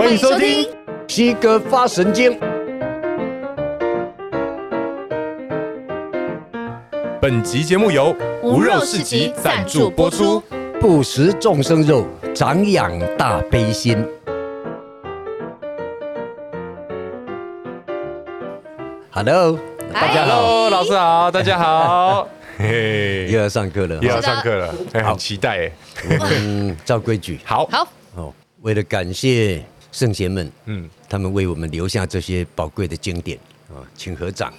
歡迎收聽《西哥發神經》。本集節目由無肉市集贊助播出。不食眾生肉，長養大悲心。Hello，Hi. 大家好，老師好，大家好。嘿，又要上課了，哦，是的 又要上課了，好是的 期待！嗯，照規矩， 好好哦。為了感謝。聖賢們，嗯，他們為我們留下這些寶貴的經典，哦，請合掌。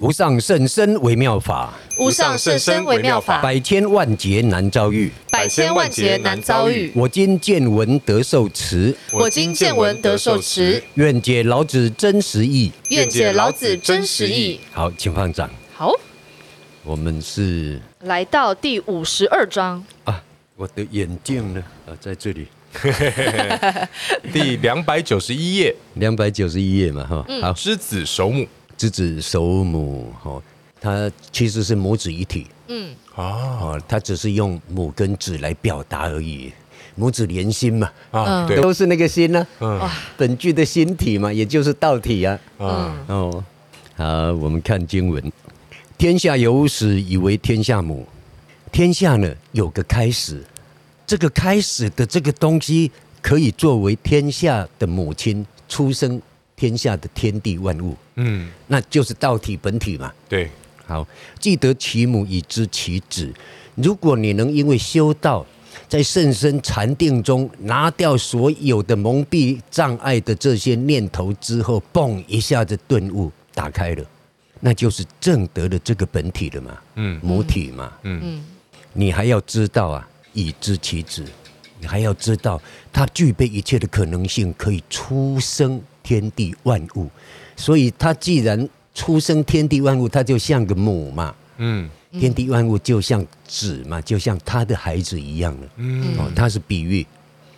無上甚深微妙法，無上甚深微妙法，百千萬劫難遭遇，百千萬劫難遭遇。我今見聞得受持，我今見聞得受持，受願解老子真實意，願解老子真實意。好，請放掌。好，我們是來到第五十二章，啊，我的眼鏡呢？啊，在這裡。 第兩百九十一頁，兩百九十一頁嘛，哈，好，知、嗯、子守母，知子守母，哦，他其實是母子一體，嗯，哦，他只是用母跟子來表達而已，母子連心嘛，啊，對，都是那個心呢、啊，嗯，本具的心體嘛，也就是道體啊，嗯，哦，好，我們看經文，天下有始，以為天下母，天下呢有個開始。這個開始的這個東西，可以作為天下的母親，出生天下的天地萬物，嗯，那就是道體本體嘛。對，好，既得其母以知其子。如果你能因為修道，在甚深禪定中拿掉所有的蒙蔽障礙的這些念頭之後，嘣，一下子頓悟打開了，那就是證得的這個本體了嘛，嗯，母體嘛，嗯，你還要知道啊。以知其子，你還要知道它具備一切的可能性，可以出生天地萬物。所以它既然出生天地萬物，它就像個母嘛，嗯，天地萬物就像子嘛，就像它的孩子一樣的。嗯，哦，它是比喻，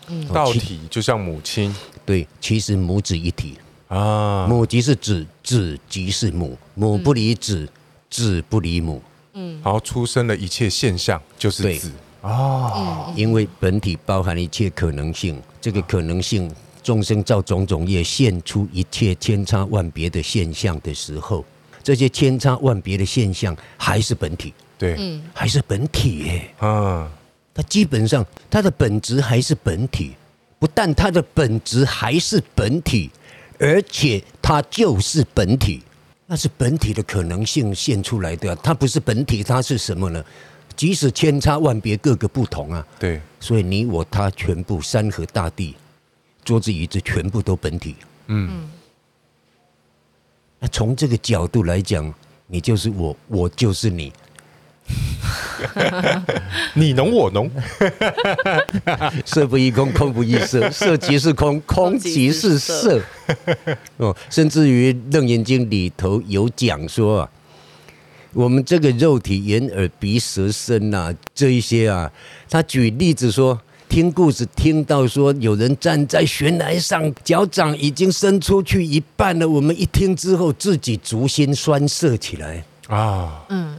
嗯哦、道體就像母親，對，其實母子一體啊，母即是子，子即是母，母不離子，嗯、子不離母。嗯，然後出生的一切現象就是子。哦，因為本體包含一切可能性，這個可能性眾生造種種業現出一切千差萬別的現象的時候，這些千差萬別的現象還是本體，對，還是本體欸啊，它基本上它的本質還是本體，不但它的本質還是本體，而且它就是本體，那是本體的可能性現出來的，它不是本體，它是什麼呢？即使千差萬別，各個不同啊。對，所以你我他全部山河大地、桌子椅子全部都本體。嗯，那從這個角度來講，你就是我，我就是你。 你儂我儂， 色不異空，空不異色，色即是空，空即是色。是色 哦，甚至於《楞嚴經》裡頭有講說啊。我們這個肉體眼耳鼻舌身吶、啊，這一些啊，他舉例子說，聽故事聽到說有人站在懸崖上，腳掌已經伸出去一半了，我們一聽之後，自己足心酸澀起來啊。嗯，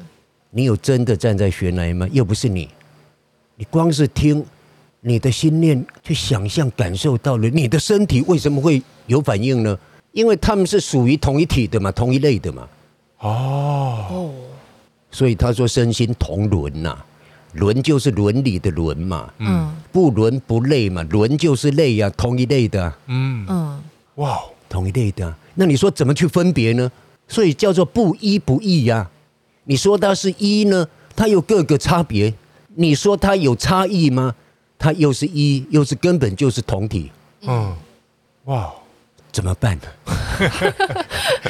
你有真的站在懸崖嗎？又不是你，你光是聽，你的心念去想象感受到了，你的身體為什麼會有反應呢？因為他們是屬於同一體的嘛，同一類的嘛。哦。所以他說身心同倫吶，倫就是倫理的倫嘛，嗯，不倫不類嘛，倫就是類呀，同一類的，嗯嗯，哇，同一類的、啊，那你說怎麼去分別呢？所以叫做不一不異呀。你說它是一呢，它有各個差別；你說它有差異嗎？它又是一，又是根本就是同體。嗯，哇，怎麼辦？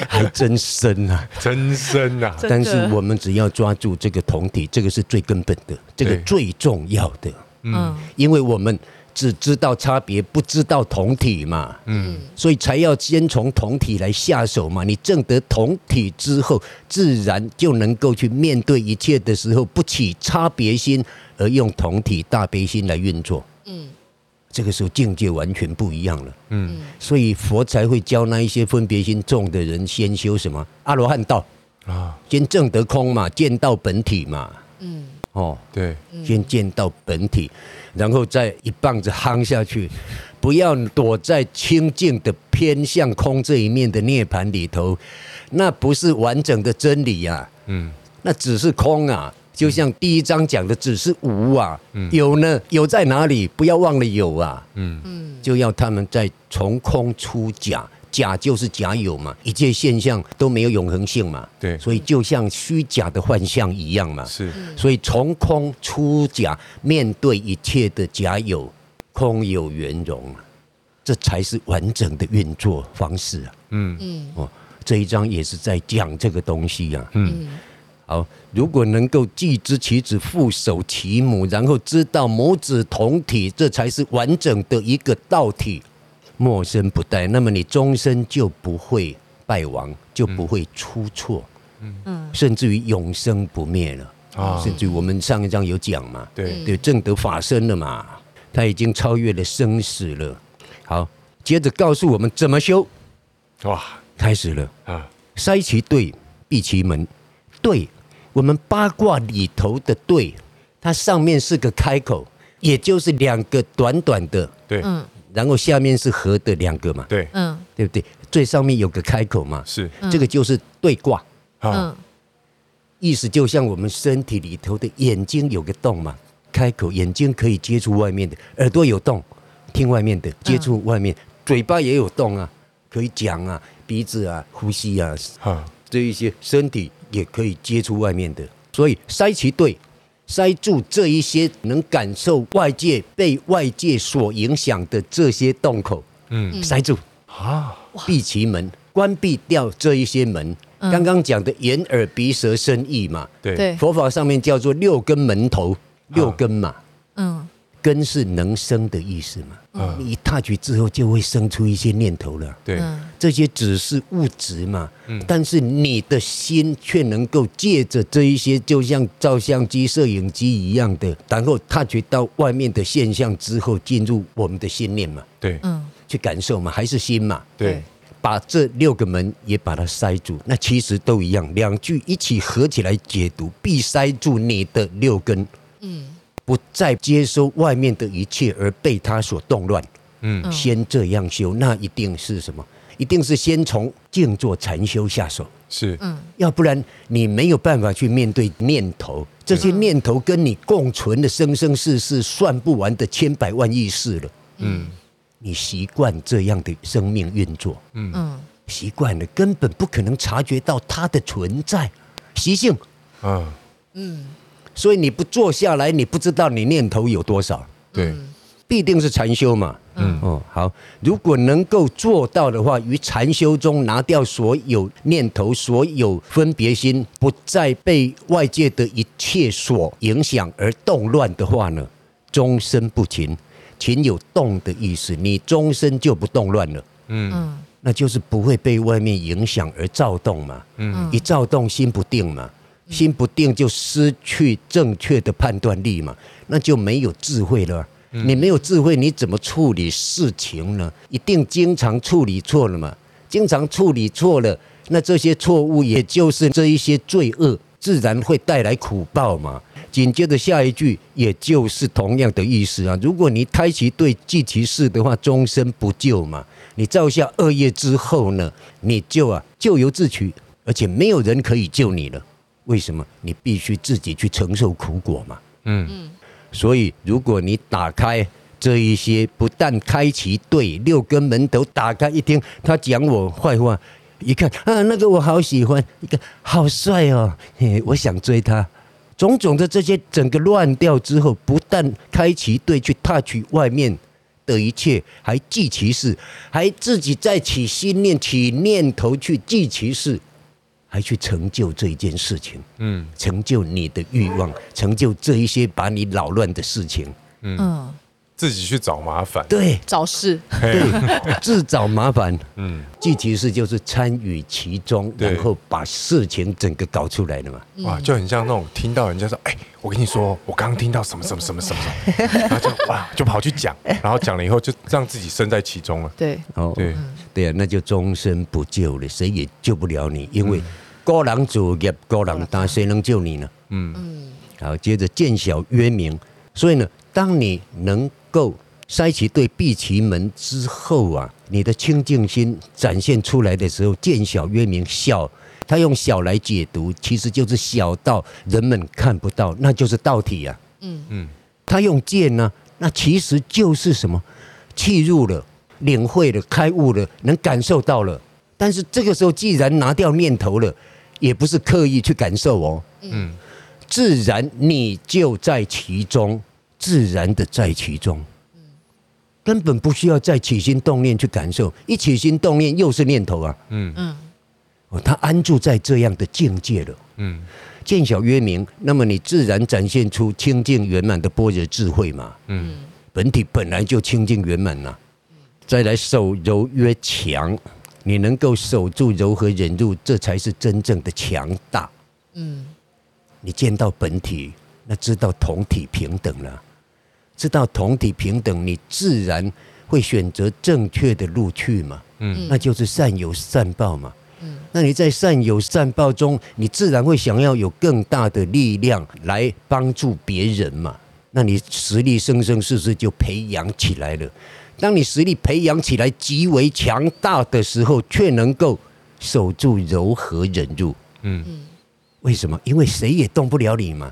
還 真深啊，真深啊！但是我們只要抓住這個同體，這個是最根本的，這個最重要的。嗯，因為我們只知道差別，不知道同體嘛。嗯，所以才要先從同體來下手嘛。你證得同體之後，自然就能夠去面對一切的時候，不起差別心，而用同體大悲心來運作。嗯。這個時候境界完全不一樣了，嗯，所以佛才會教那一些分別心重的人先修什麼阿羅漢道啊，先證得空嘛，見到本體嘛，嗯，哦，對，先見到本體，然後再一棒子夯下去，不要躲在清淨的偏向空這一面的涅槃裡頭，那不是完整的真理呀，嗯，那只是空啊。就像第一章講的，只是無啊，有呢？有在哪裡？不要忘了有啊。嗯嗯，就要他們再從空出假，假就是假有嘛，一切現象都沒有永恆性嘛。對，所以就像虛假的幻象一樣嘛。是，所以從空出假，面對一切的假有，空有圓融，這才是完整的運作方式啊。嗯嗯，這一章也是在講這個東西啊。嗯。好，如果能夠既知其子，復守其母，然後知道母子同體，這才是完整的一個道體，沒身不殆，那麼你終身就不會敗亡，就不會出錯，嗯嗯，甚至於永生不滅了啊、嗯！甚至於我們上一章有講嘛，哦、對，有正德法身了嘛，他已經超越了生死了。好，接着告訴我們怎麼修，哇，開始了啊！塞其兌，閉其門，對。我們八卦裡頭的兌，它上面是個開口，也就是兩個短短的對，然後下面是合的兩個嘛，對，嗯，對不對？最上面有個開口嘛，是這個就是兌卦，嗯，意思就像我們身體裡頭的眼睛有個洞嘛，開口，眼睛可以接觸外面的，耳朵有洞，聽外面的，接觸外面，嗯、嘴巴也有洞啊，可以講啊，鼻子啊，呼吸啊，哈、嗯，這一些身體。也可以接觸外面的，所以塞其兌，塞住這一些能感受外界被外界所影響的這些洞口，嗯，塞住啊，閉其門，關閉掉這一些門。剛剛講的眼、耳、鼻、舌、身、意嘛，對，佛法上面叫做六根門頭，六根嘛，嗯。根是能生的意思嘛。嗯，你踏去之後就會生出一些念頭了。對，這些只是物質嘛。但是你的心卻能夠借着這一些，就像照相機、攝影機一樣的，然後踏去到外面的現象之後，進入我們的心念嘛。對，去感受嘛，還是心嘛。對，把這六個門也把它塞住，那其實都一樣。兩句一起合起來解讀，必塞住你的六根。嗯。不再接收外面的一切，而被他所動亂。嗯，先這樣修，那一定是什麼？一定是先從靜坐禪修下手。是，嗯，要不然你沒有辦法去面對念頭，這些念頭跟你共存的生生世世、算不完的千百萬億世了。嗯，你習慣這樣的生命運作，嗯，習慣了，根本不可能察覺到它的存在習性、啊。嗯，嗯。所以你不坐下來，你不知道你念頭有多少。對，必定是禪修嘛。嗯哦，好。如果能夠做到的話，於禪修中拿掉所有念頭、所有分別心，不再被外界的一切所影響而動亂的話呢，終身不勤。勤有動的意思，你終身就不動亂了。嗯嗯，那就是不會被外面影響而躁動嘛。嗯，一躁動心不定嘛。心不定就失去正確的判斷力嘛，那就沒有智慧了、啊。嗯、你沒有智慧，你怎麼處理事情呢？一定經常處理錯了嘛，經常處理錯了，那這些錯誤也就是這一些罪惡，自然會帶來苦報嘛。緊接着下一句也就是同樣的意思啊，如果你開其兌，濟其事的話，終身不救嘛。你造下惡業之後呢，你就啊咎由自取，而且沒有人可以救你了。為什麼你必須自己去承受苦果嘛？嗯，所以如果你打開這一些，不但開啟隊六根門頭打開一聽，他講我壞話，一看啊，那個我好喜歡，一看好帥哦，欸，我想追他，種種的這些整個亂掉之後，不但開啟隊去踏取外面的一切，還記其事，還自己再起心念起念頭去記其事。還去成就這一件事情，嗯，成就你的欲望，成就這一些把你擾亂的事情，嗯。自己去找麻煩，對，找事，對，自找麻煩。嗯，具體是就是參與其中，然後把事情整個搞出來的嘛。哇，就很像那種聽到人家說，哎，我跟你說，我剛剛聽到什麼什麼什麼什麼，然後就哇，就跑去講，然後講了以後就讓自己身在其中了。對，哦，對，對啊，那就終身不救了，誰也救不了你，因為高朗祖也高朗當然誰能救你呢？嗯嗯。好，接着見小曰明，所以呢，當你能。夠塞其對閉其門之後啊，你的清淨心展現出來的時候，見小曰明。小，他用小來解讀，其實就是小到人們看不到，那就是道體啊。嗯嗯，他用見呢、啊，那其實就是什麼？契入了，領會了，開悟了，能感受到了。但是這個時候，既然拿掉念頭了，也不是刻意去感受哦。嗯，自然你就在其中。自然的在其中，根本不需要再起心動念去感受，一起心動念又是念頭啊。嗯嗯，他安住在這樣的境界了。嗯，見小曰明，那麼你自然展現出清淨圓滿的般若智慧嘛。嗯，本體本來就清淨圓滿吶。再來守柔曰強，你能夠守住柔和忍辱，這才是真正的強大。嗯，你見到本體，那知道同體平等了。知道同體平等，你自然會選擇正確的路去嘛，嗯，那就是善有善報嘛，嗯，那你在善有善報中，你自然會想要有更大的力量來幫助別人嘛，那你實力生生世世就培養起來了。當你實力培養起來極為強大的時候，卻能夠守住柔和忍辱，嗯，為什麼？因為誰也動不了你嘛。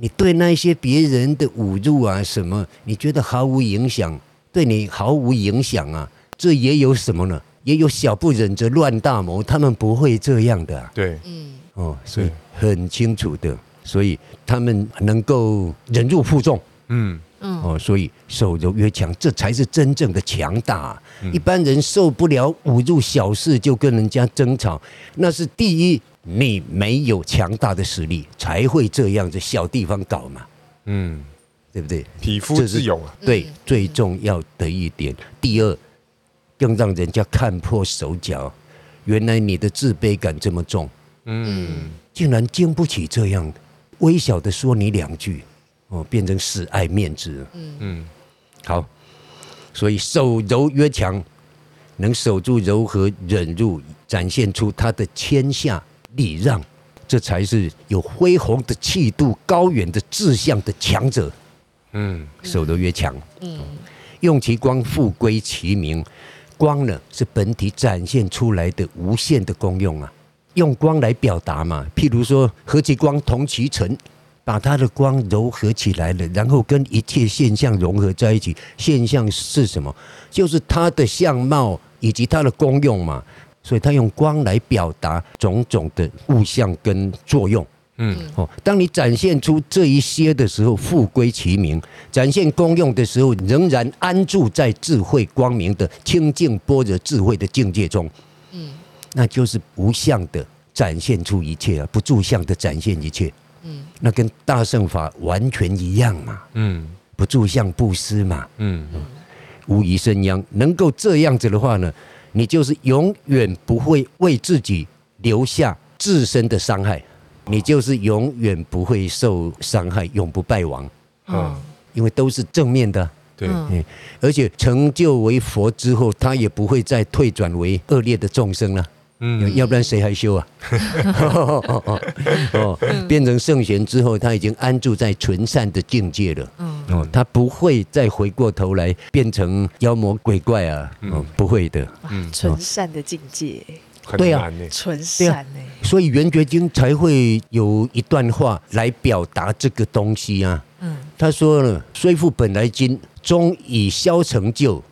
你對那些別人的侮辱啊，什麼？你覺得毫無影響，對你毫無影響啊？這也有什麼呢？也有小不忍則亂大謀，他們不會這樣的、啊。對，嗯，哦，所以很清楚的，所以他們能夠忍辱負重，嗯嗯，哦，所以守柔曰強，這才是真正的強大。一般人受不了侮辱小事就跟人家爭吵，那是第一。你沒有強大的實力，才會這樣子小地方搞嘛？嗯，對不對？匹夫之勇啊，對，嗯、最重要的一點。嗯、第二，更讓人家看破手腳，原來你的自卑感這麼重，嗯，嗯，竟然，經不起這樣微小的說你兩句，哦，變成死愛面子，嗯，好，所以守柔曰強，能守住柔和忍辱，展現出他的天下禮讓，這才是有恢宏的氣度、高遠的志向的強者。嗯，守得越強，嗯，用其光復歸其明。光呢，是本體展現出來的無限的功用啊，用光來表達嘛。譬如說和其光同其塵，把它的光柔和起來了，然後跟一切現象融合在一起。現象是什麼？就是它的相貌以及它的功用嘛。所以他用光來表達種種的物象跟作用，嗯，哦，當你展現出這一些的時候，復歸其明；展現功用的時候，仍然安住在智慧光明的清淨般若智慧的境界中，嗯，那就是無相的展現出一切啊，不住相的展現一切，嗯，那跟大聖法完全一樣嘛，嗯，不住相布施嘛，嗯，無遺身殃，能夠這樣子的話呢？你就是永遠不會為自己留下自身的傷害，你就是永遠不會受傷害，永不敗亡。嗯，因為都是正面的。對，而且成就為佛之後，他也不會再退轉為惡劣的眾生了。嗯，要不然誰還修啊？哦哦 哦，變成聖賢之後，他已經安住在純善的境界了。嗯，哦，他不會再回過頭來變成妖魔鬼怪啊。嗯、哦，不會的。嗯，純善的境界、嗯哦、很難呢、欸。純、啊、善呢、欸啊，所以《圓覺經》才會有一段話來表達這個東西啊。嗯，他說了：“雖復本來今終以消成就，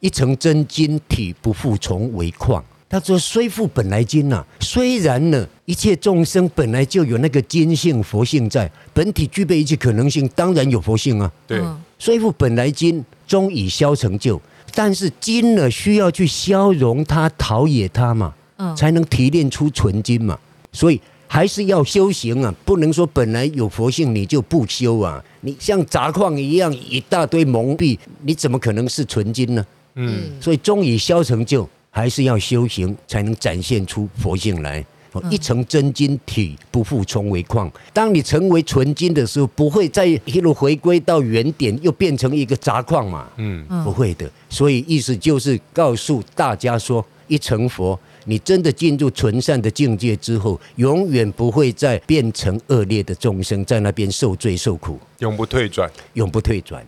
一成真金體不復重為礦。”他說：“雖復本來金吶，雖然呢，一切眾生本來就有那個金性佛性在，本體具備一切可能性，當然有佛性啊。對，雖復本來金，終以消成就。但是金呢，需要去消融它、陶冶它嘛，才能提煉出純金嘛。所以還是要修行啊，不能說本來有佛性你就不修啊。你像雜礦一樣，一大堆蒙蔽，你怎麼可能是純金呢？嗯，嗯，所以終以消成就。”還是要修行，才能展現出佛性來。一成真金體，不復重為礦。當你成為純金的時候，不會再一路回歸到原點，又變成一個雜礦嘛？嗯，不會的。所以意思就是告訴大家說，一成佛，你真的進入純善的境界之後，永遠不會再變成惡劣的眾生，在那邊受罪受苦，永不退轉，永不退轉。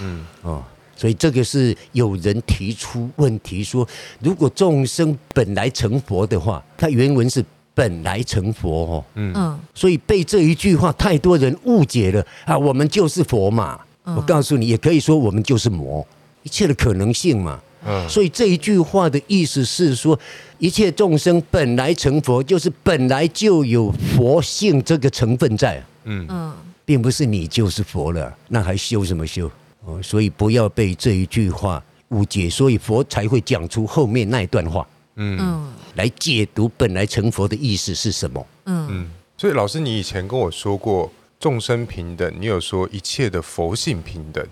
嗯，哦。所以這個是有人提出問題說，如果眾生本來成佛的話，它原文是本來成佛哦，嗯，所以被這一句話太多人誤解了啊，我們就是佛嘛，我告訴你，也可以說我們就是魔，一切的可能性嘛，嗯，所以這一句話的意思是說，一切眾生本來成佛，就是本來就有佛性這個成分在，嗯嗯，並不是你就是佛了，那還修什麼修？所以不要被這一句話誤解，所以佛才會講出後面那一段話，嗯，來解讀本來成佛的意思是什麼？嗯，所以老師，你以前跟我說過眾生平等，你有說一切的佛性平等。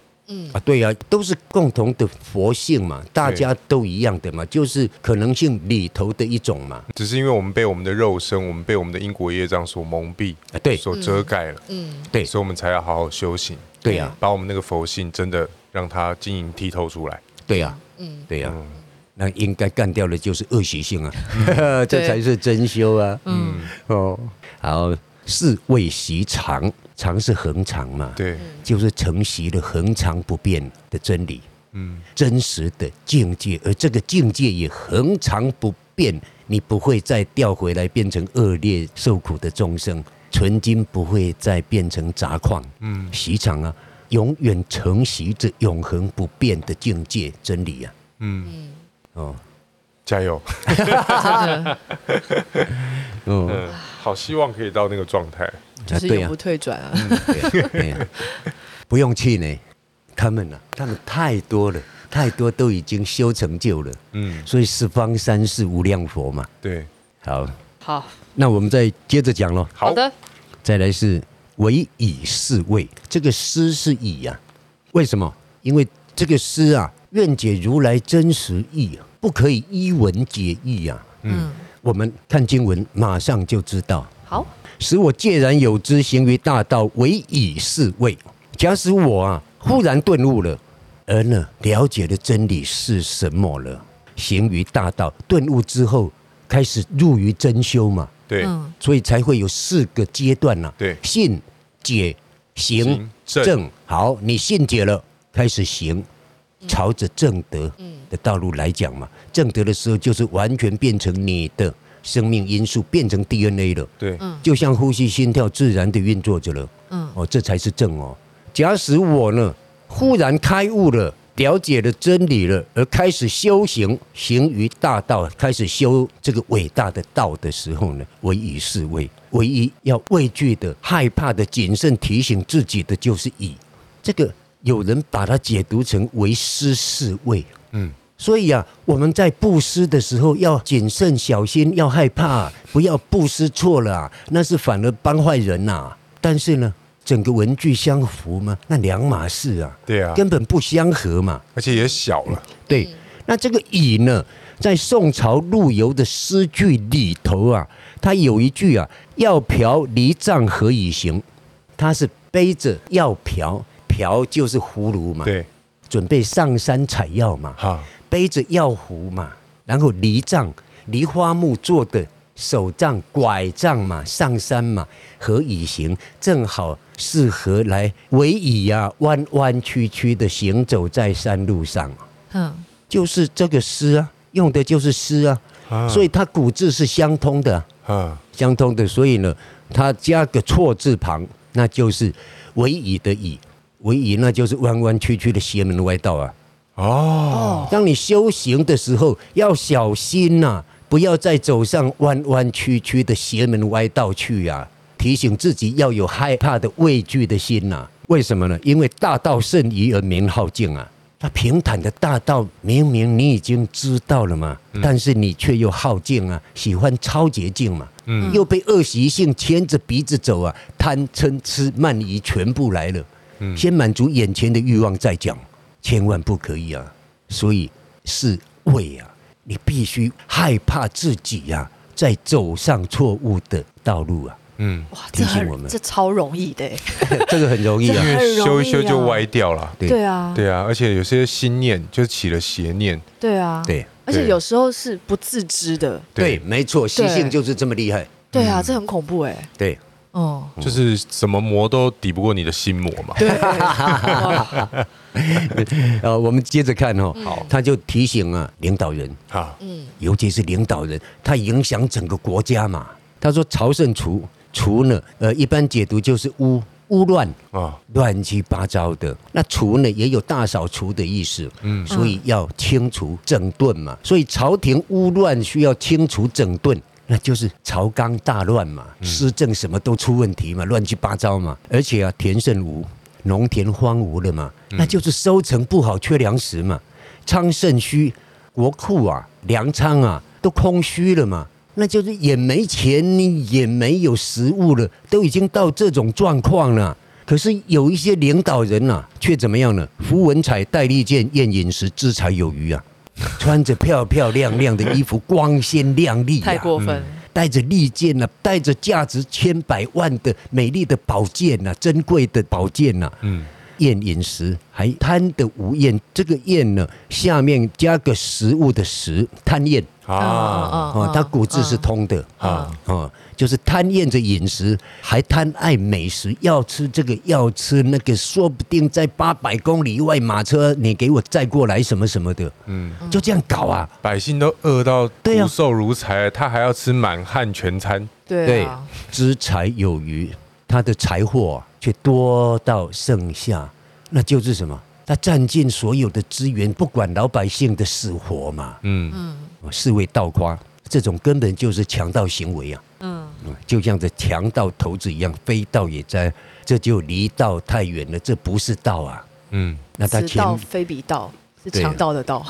啊，對呀、啊，都是共同的佛性嘛，大家都一樣的嘛，就是可能性裡頭的一種嘛。只是因為我們被我們的肉身，我們被我們的因果業障所蒙蔽，對，所遮蓋了，嗯，對，所，嗯、對，所以我們才要好好修行，對呀、啊嗯，把我們那個佛性真的讓它晶瑩剔透出來，對呀、啊，對啊、嗯，對呀、啊，嗯、那應該幹掉的就是惡習性啊、嗯呵呵，這才是真修啊，嗯，嗯哦，好，是為習常。常是恆常嘛，對、嗯，就是承襲了恆常不變的真理，嗯、真實的境界，而這個境界也恆常不變，你不會再掉回來變成惡劣受苦的眾生，純金不會再變成雜礦，嗯，嗯，習常啊，永遠承襲着永恆不變的境界真理啊，嗯，嗯，哦，加油，嗯。好，希望可以到那個狀態，但是永不退轉啊、啊、啊！不用氣餒，他們、啊、他們太多了，太多都已經修成就了。嗯，所以十方三世無量佛嘛。對，好，好，那我們再接着講嘍。好，好的，再來是唯施是畏，這個「施」是以啊？為什麼？因為這個「施」啊，願解如來真實義啊，不可以依文解義啊。嗯。嗯我們看經文，馬上就知道。好，使我介然有知，行於大道，唯施是畏。假使我啊，忽然頓悟了，而呢，了解了真理是什麼了，行於大道，頓悟之後，開始入於真修嘛。對，所以才會有四個階段呢。對，信、解、行、正。好，你信解了，開始行，朝着正德的道路來講嘛。正德的時候，就是完全變成你的生命因素，變成 DNA 了。對、嗯，就像呼吸、心跳自然的運作着了。哦，這才是正哦。假使我呢忽然開悟了，了解了真理了，而開始修行，行於大道，開始修這個偉大的道的時候呢，唯施是畏，唯一要畏懼的、害怕的、謹慎提醒自己的就是施。這個有人把它解讀成為施是畏。嗯。所以啊，我們在布施的時候要謹慎小心，要害怕、啊，不要布施錯了啊，那是反而幫壞人吶、啊。但是呢，整個文具相符嗎？那兩碼事啊。對啊。根本不相合嘛。而且也小了。對。嗯、那這個以呢，在宋朝陸游的詩句裡頭啊，他有一句啊：“藥瓢藜杖何以行？”他是背着藥瓢，瓢就是葫蘆嘛。對。準備上山採藥嘛。哈。背着藥壺嘛，然後梨杖，梨花木做的手杖、拐杖嘛，上山嘛，何以行？正好適合來逶迤呀、啊，彎彎曲曲的行走在山路上。嗯，就是這個“施”啊，用的就是“施”啊，所以它古字是相通的。嗯，相通的，所以呢，它加個錯字旁，那就是逶迤的“迤”，逶迤那就是彎彎曲曲的邪門歪道啊。哦，哦，當你修行的時候，要小心吶、啊，不要再走上彎彎曲曲的邪門歪道去呀、啊！提醒自己要有害怕的畏懼的心吶、啊。為什麼呢？因為大道甚夷而民好徑，啊，那平坦的大道明明你已經知道了嘛，嗯、但是你卻又好徑啊，喜歡抄捷徑嘛，嗯、又被惡習性牽着鼻子走啊，貪嗔癡慢疑全部來了，先滿足眼前的欲望再講。千萬不可以啊！所以是畏啊，你必須害怕自己呀，在走上錯誤的道路啊。嗯，哇，提醒我們，這超容易的。這個很容易啊，因為修一修就歪掉了。對啊，對啊，而且有些心念就起了邪念。對啊，對，而且有時候是不自知的。對，沒錯，習性就是這麼厲害。對啊，這很恐怖哎。對，哦，就是什麼魔都抵不過你的心魔嘛。 我們接着看哦。好，他就提醒啊，領導人，尤其是領導人，他影響整個國家嘛。他說朝“朝甚除除呢？呃，一般解讀就是污污亂啊，亂七八糟的。那除呢？也有大掃除的意思，嗯，所以要清除整頓嘛。所以朝廷污亂需要清除整頓，那就是朝綱大亂嘛，施政什麼都出問題嘛，亂七八糟嘛。而且啊，田甚蕪。農田荒蕪了嘛，那就是收成不好，缺糧食嘛，倉、嗯、甚虛，國庫啊，糧倉啊都空虛了嘛，那就是也沒錢，也沒有食物了，都已經到這種狀況了。可是有一些領導人吶、啊，卻怎麼樣呢？服文綵、帶利劍厭飲食，資財有餘啊，穿着漂漂亮亮的衣服， 光鮮亮麗、啊，太過分。嗯帶着利劍啊，帶着價值千百萬的美麗的寶劍啊，珍貴的寶劍啊。嗯。厭飲食，還貪得無厭。這個“厭”呢，下面加個食物的“食”，貪厭啊啊！他古字是通的啊啊，就是貪厭着飲食，還貪愛美食，要吃這個，要吃那個，說不定在八百公里外，馬車你給我載過來，什麼什麼的，嗯，就這樣搞啊！百姓都餓到骨瘦如柴，他還要吃滿漢全餐，對啊，資財有餘，他的財貨。卻多到剩下，那就是什麼？他佔盡所有的資源，不管老百姓的死活嘛。嗯嗯，是謂盜誇，這種根本就是強盜行為啊。嗯，嗯，就像這強盜頭子一樣，非道也哉，這就離道太遠了，這不是道啊。嗯，那他強非彼道，是強盜的道。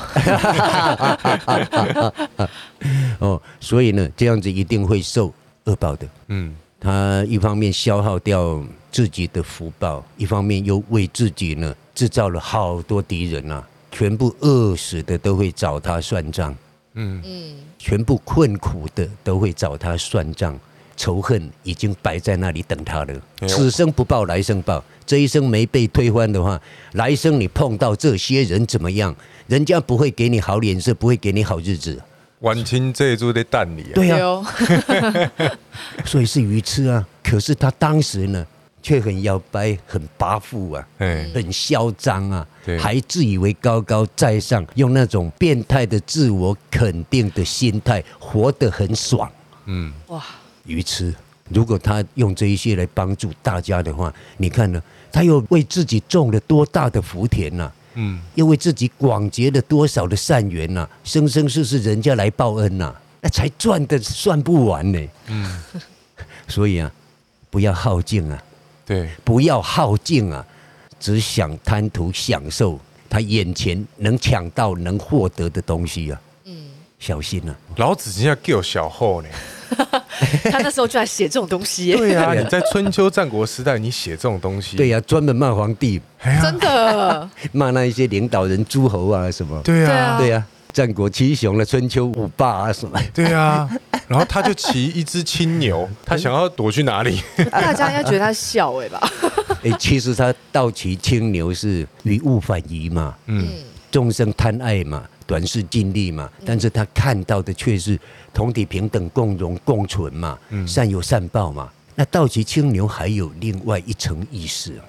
哦，所以呢，這樣子一定會受惡報的。嗯，他一方面消耗掉。自己的福報，一方面又為自己呢製造了好多敵人啊，全部餓死的都會找他算賬，嗯，全部困苦的都會找他算賬，仇恨已經擺在那裡等他了。此生不報來生報，這一生沒被推翻的話，來生你碰到這些人怎麼樣？人家不會給你好臉色，不會給你好日子。完全這就在等你，對呀、啊， 所以是愚癡啊。可是他當時呢？卻很搖擺，很跋扈啊，嗯，很囂張啊對，還自以為高高在上，用那種變態的自我肯定的心態活得很爽，嗯，哇，愚痴！如果他用這一些來幫助大家的話，你看呢，他又為自己種了多大的福田吶、啊，嗯，又為自己廣結了多少的善緣吶、啊，生生世世人家來報恩吶、啊，那才賺得算不完呢，嗯，所以啊，不要耗盡啊。對，不要耗盡啊！只想貪圖享受他眼前能搶到、能獲得的東西啊！嗯，小心啊，老子就是要叫小後呢。 他那時候就、啊、 在寫這種東西。對啊，你在春秋戰國時代，你寫這種東西。對呀、啊，專門罵皇帝。真的、哎呀。 罵那一些領導人、諸侯啊什麼。對啊。對啊。對啊戰國七雄了，春秋五霸啊什麼？對啊，然後他就騎一隻青牛，他想要躲去哪裡？大家應該覺得他小笑吧？哎，其實他倒騎青牛是與物反矣嘛，嗯，眾生貪愛嘛，短視近利嘛，但是他看到的卻是同體平等、共榮共存嘛，嗯、善有善報嘛。那倒騎青牛還有另外一層意思啊，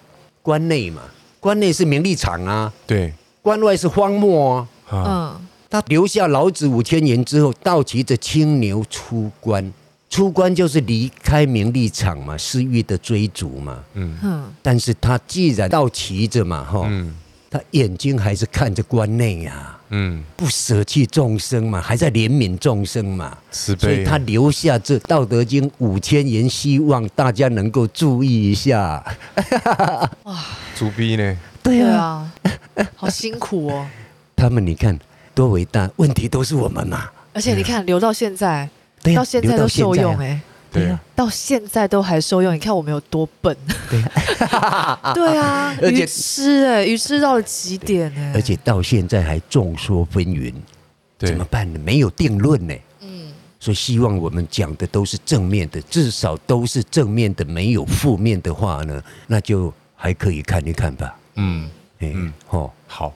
關內嘛，關內是名利場啊，對，關外是荒漠、啊，嗯。他留下老子五千年之後，倒騎着青牛出關，出關就是離開名利場嘛，私欲的追逐嘛。嗯，但是他既然倒騎着嘛，哈、嗯，他眼睛還是看着關內呀、啊。嗯，不捨棄眾生嘛，還在憐憫眾生嘛，慈悲。所以他留下這《道德經》五千年，希望大家能夠注意一下。 哇，豬逼呢？對啊，對啊 好辛苦哦。他們，你看。多偉大！問題都是我們嘛。而且你看，留到現在，到現在都受用誒，對呀，到現在都還受用。你看我們有多笨。對啊。對啊。而且愚癡誒，愚癡到了極點誒。而且到現在還眾說紛紜，怎麼辦呢？沒有定論呢。嗯。所以希望我們講的都是正面的，至少都是正面的，沒有負面的話呢，那就還可以看一看吧。嗯。嗯。好。好。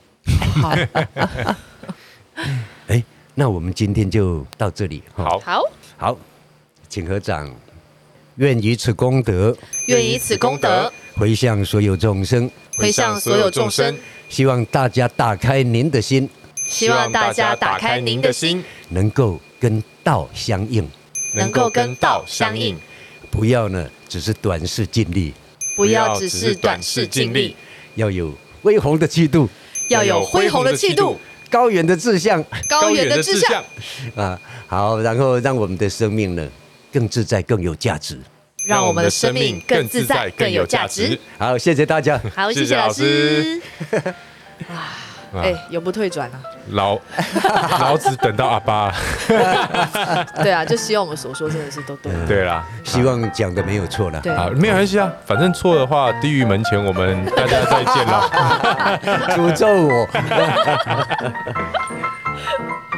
哎，那我們今天就到這裡。好好好，請合掌，願以此功德，願以此功德回向所有眾生，回向所有眾生。希望大家打開您的心，希望大家打開您的心，的心能夠跟道相應，能夠跟道相應。不要呢，只是短視近利，不要只是短視近利，要，要有恢宏的氣度，要有恢宏的氣度，高遠的志向，高遠的志向啊，好，然後讓我們的生命呢，更自在、更有價值，讓我們的生命更自在、更有價值。好，謝謝大家，好，謝謝老師。哎，永、欸、不退轉啊！老老子等到阿爸、啊 啊、對啊，就希望我們所說真的是都對。對啦，啊、希望講的沒有錯了對啊，沒有關係啊，對反正錯的話，地獄門前我們大家再見了。詛 咒我。